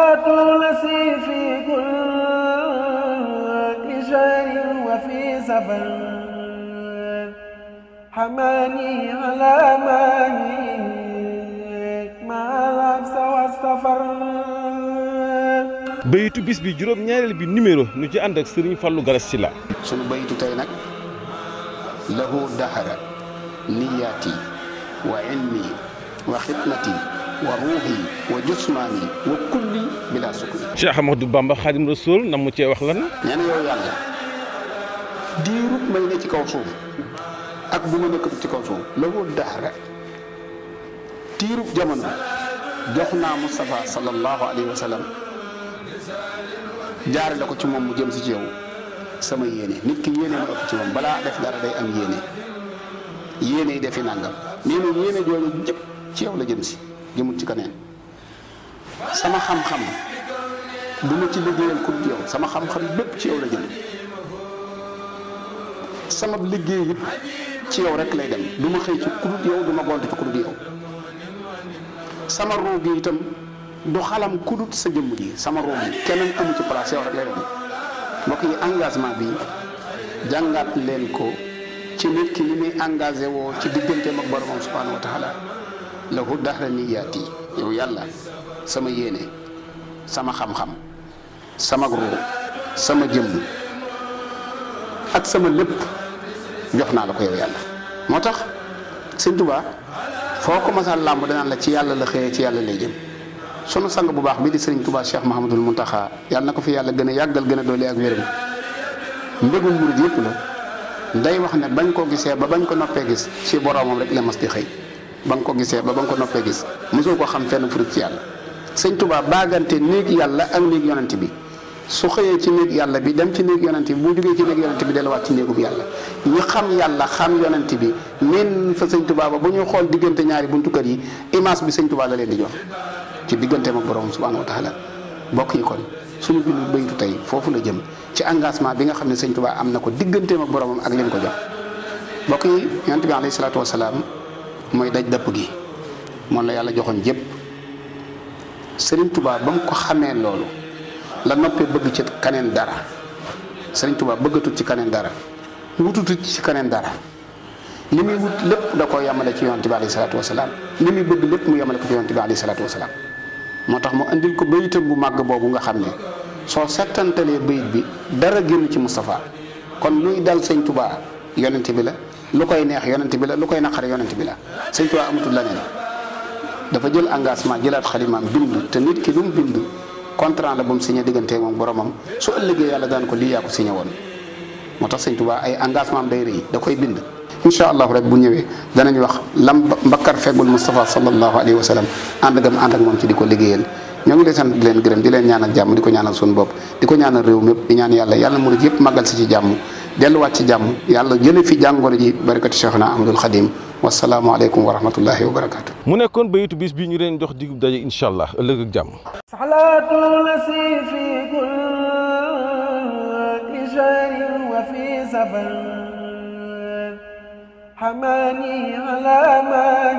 تولسي في كل شيء وفي سفر حماني bis bi juróom ñaareel bi numéro nu ci ànd ak sëriñ Fallou Garas si la sunu bayitu tey nag lahu dahara niyaati wa ilmi wa xidmati وروحي وجسماني وكلي بلا سكون شيخ محمد بامبا خادم الرسول نامو تي واخ لان نانا يو يالا ديرو ماي نتي كاو سوف اك بوما نك سي كاو سوف لو دهر ديرو جامانو جوخنا مصطفى صلى الله عليه وسلم جار لاكو تي ci جيم سي jëm si ci نيت كي yéene nit تي yéene بلا داف دار داي ام def dara دافي نانغام yéene yéene yi defi nangam nee na yéene jëmut ci keneen sama xam-xam du ci liggéeyal ku yow sama xam-xam bépp ci yow la jëm sama liggéey ci yow rek lay dem du xëy ci ku yow ma gont ci ku yow sama ruu gi itam du xalam kudut sa jëmm yi sama ruu yi keneen amu ci place yow rek lay dem mbokk yi engagement bi jàngaat leen ko ci nit ki li muy engagé woo ci digganteem ak boromam subhanahu wa lahu dahra niyaati yow yàlla sama yéene sama xam-xam sama ruu sama jëmm ak sama lépp jox naa la ko yow yàlla moo tax sëñ Tuubaa foo ko masal làmb danaan la ci yàlla la xëyee ci yàlla lay jëm sunu sang bu baax bi di sëriñ Tuubaa Cheikh Mahamadul Muntaxa yàlla na ko fi yàlla gën a yàggal gën a doole ak wéram mbégum murid yëpp la day wax ne bañ koo gisee ba bañ ko noppee gis ci boroomam rek la mas di xëy ba nga ko gisee ba ba nga ko noppee gis mosoo ko xam fenn furit ci yàlla sëñ Tuubaa baagante néeg yàlla ak néeg yonent bi su xëyee ci néeg yàlla bi dem ci néeg yonent bi bu jógee ci néeg yonent bi delluwaat ci néegub yàlla ñu xam yàlla xam yonent bi miin fa sëñ Tuubaa ba bu ñu xool diggante ñaari buntu kër yi image bi sëñ Tuubaa la leen di jox ci digganteem ak borom subhaanahu wa taala bokk yi kon suñu bindu baytu tey foofu la jëm ci engagement bi nga xam ne sëñ Tuubaa am na ko digganteem ak boromam ak leen ko jox bokk yi yonent bi alayhi salaatu wasalaam mooy daj dëpp gi moom la yàlla joxoon jépp sëriñ tubaab ba mu ko xamee loolu la noppee bëgg ci kaneen dara sëriñ Touba bëggatut ci kaneen dara wututut ci kaneen dara li muy wut lépp da ko yemale ci yonent bi alayhi salaatu wasalaam li muy bëgg lépp mu yemale ko ci yonent moo tax mu indil ko bayitam bu màgg boobu nga xam ne soo settantalee bayit bi dara génn ci Moustapha kon luy dal sëñ Touba yonent bi la lu koy neex yonent bi la lu koy naqare yonent bi la sëñ Tuubaa amatul leneen dafa jël engagement jëlaat xalimaam bind te nit ki lu mu bind contrat la bu mu signé diggante moom boromam su ëllëgee yàlla daan ko lii yaa ko signé woon moo tax sëñ Tuubaa ay engagement am day rëy da koy bind incha allahu bu ñëwee danañ wax lam mbakkar feggul Moustapha sallallahu alayhi wa sallam ànd gam ànd ak moom di ko liggéeyal ñoo ngi leen sant di leen gërëm di leen ñaanal jàmm di ko ñaanal suñu bopp réew mépp ñaan yàlla yàlla murid yëpp màggal si ci jàmm delluwaat ci jàmm yàlla jële fi jàngoro ji barakati Cheikhna Ahmadul Xadim wasalaamualeykum wa rahmatullahi wa barakatu mu nekkoon bayitu bis bi ñu leen jox digub daje incha allah ëllëg ak jàmm salaatu lasi fi kulli shay'in wa fi safar hamani ala ma